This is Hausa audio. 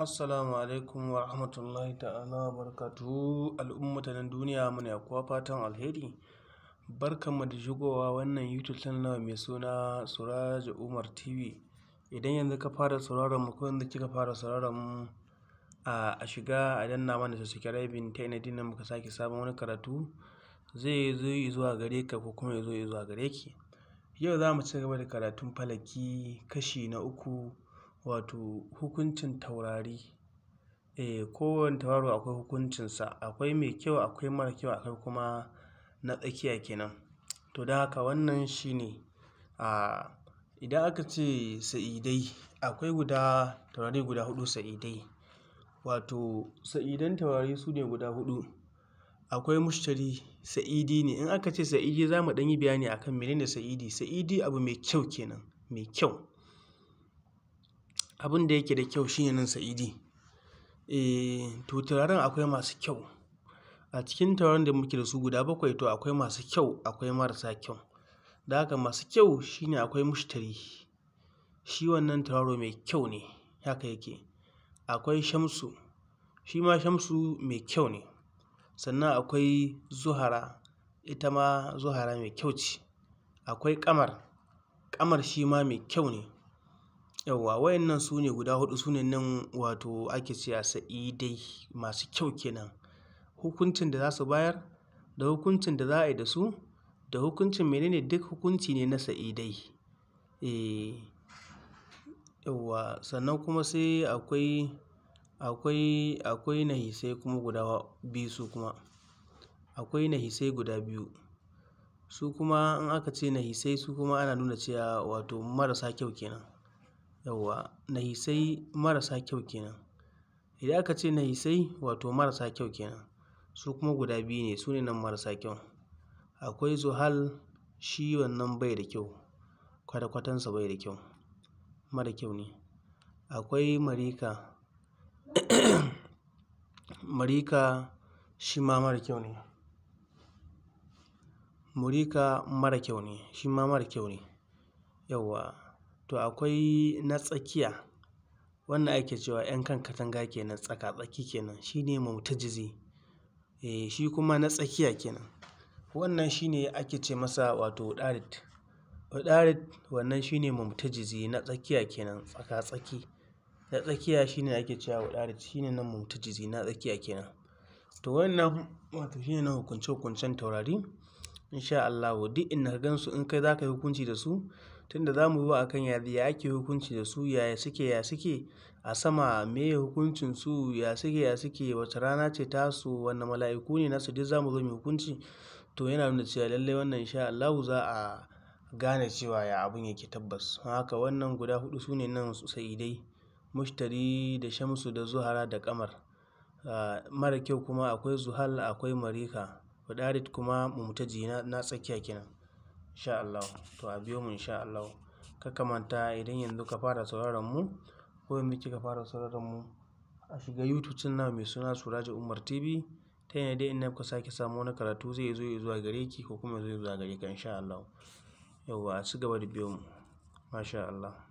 Assalamu alaikum wa rahmatullahi ta'ala wa Al'ummata al'ummatanin duniya muna kuwa fatan alheri barkanmu da shigowa wannan YouTube channel mai suna Suraj Umar TV idan yanzu ka fara sauraron mu ko yanzu kika fara sauraron mu a shiga a danna mana subscribing ta ina dinnan muka sake sabon wani karatu zai zo zuwa gare ka ko kuma ya zo zuwa gare ki yau za mu ci gaba da karatun falaki kashi na uku wato hukuncin taurari. Eh, kowane tauraro akwai hukuncinsa. Akwai mai kyau, akwai mara kyau, akwai kuma na tsakiya kenan. To don haka wannan shi ne. a, idan aka ce sa'idai, akwai guda taurari guda hudu, sa'idai. Wato sa'idan taurari su ne guda hudu? Akwai mushtari, sa'idi ne. In aka ce sa'idi za mu ɗan yi bayani akan menene sa'idi. Sa'idi abu mai kyau kenan, mai kyau. abin da yake da kyau shine nan sa'idi. Eh, to turaren akwai masu kyau. A cikin turaren da muke da su guda bakwai to akwai masu kyau akwai marasa kyau. da haka masu kyau shine akwai mushtari. Shi wannan turaro mai kyau ne haka yake. Akwai shamsu, shi ma shamsu mai kyau ne. Sannan akwai zuhara, ita ma zuhara mai kyau ce. Akwai kamar ƙamar shi ma mai kyau ne. yawwa nan su ne guda hudu su ne nan wato ake ce a sa'idai masu kyau kenan hukuncin da za su bayar da hukuncin da za a yi da su da hukuncin menene duk hukunci ne na sa'idai eh yawwa sannan kuma sai akwai akwai akwai hisai kuma guda biyu su kuma akwai na hisai guda biyu su kuma in aka ce na hisai su kuma ana nuna cewa wato marasa kyau kenan yauwa nahisai marasa kyau kenan idan aka ce nahisai wato marasa kyau kenan su kuma guda biyu ne su ne nan marasa kyau akwai zuhal shi wannan bai da kyau kwata-kwatansa bai da kyau mara kyau ne akwai marika marika shi ma mara kyau ne murika mara kyau ne shi ma mara kyau ne yauwa to akwai na tsakiya wanda ake cewa 'yan kan katanga kenan tsaka-tsaki kenan shine mutazizi. Eh shi kuma na tsakiya kenan. Wannan shine ake ce masa wato ɗarid. Ɗarid wannan shine mutazizi na tsakiya kenan tsaka-tsaki. Na tsakiya shine ake cewa shi shine na mutazizi na tsakiya kenan. To wannan wato shine na hukunce-hukuncen taurari insha Allah Allahu. Duk inda ka gansu in kai za ka yi hukunci da su Tunda za mu akan ya ake hukunci da su, yaya suke, ya suke a sama, me hukuncin su, ya suke, ya suke, wace rana ce ta su wannan mala'iku ne nasu, duk za mu zo mu hukunci. To yana nuna cewa lallai wannan insha sha za a gane cewa ya abun yake tabbas. Haka wannan guda huɗu su ne nan sa'idai, Mushtari da Shamsu da Zuhra da kamar mara kyau kuma akwai Zuhal akwai Marika. fadarit kuma Mumtaji na tsakiya kenan. insha Allah to a biyo mu insha Allah ka kamanta idan yanzu ka fara sauraron mu ko yanzu kika fara sauraron mu a shiga YouTube na mai suna Suraji Umar TV ta yanda dai inna ka sake samu wani karatu zai zo zuwa gare ki ko kuma zai zuwa gare ka insha Allah yauwa a ci gaba da biyo mu masha Allah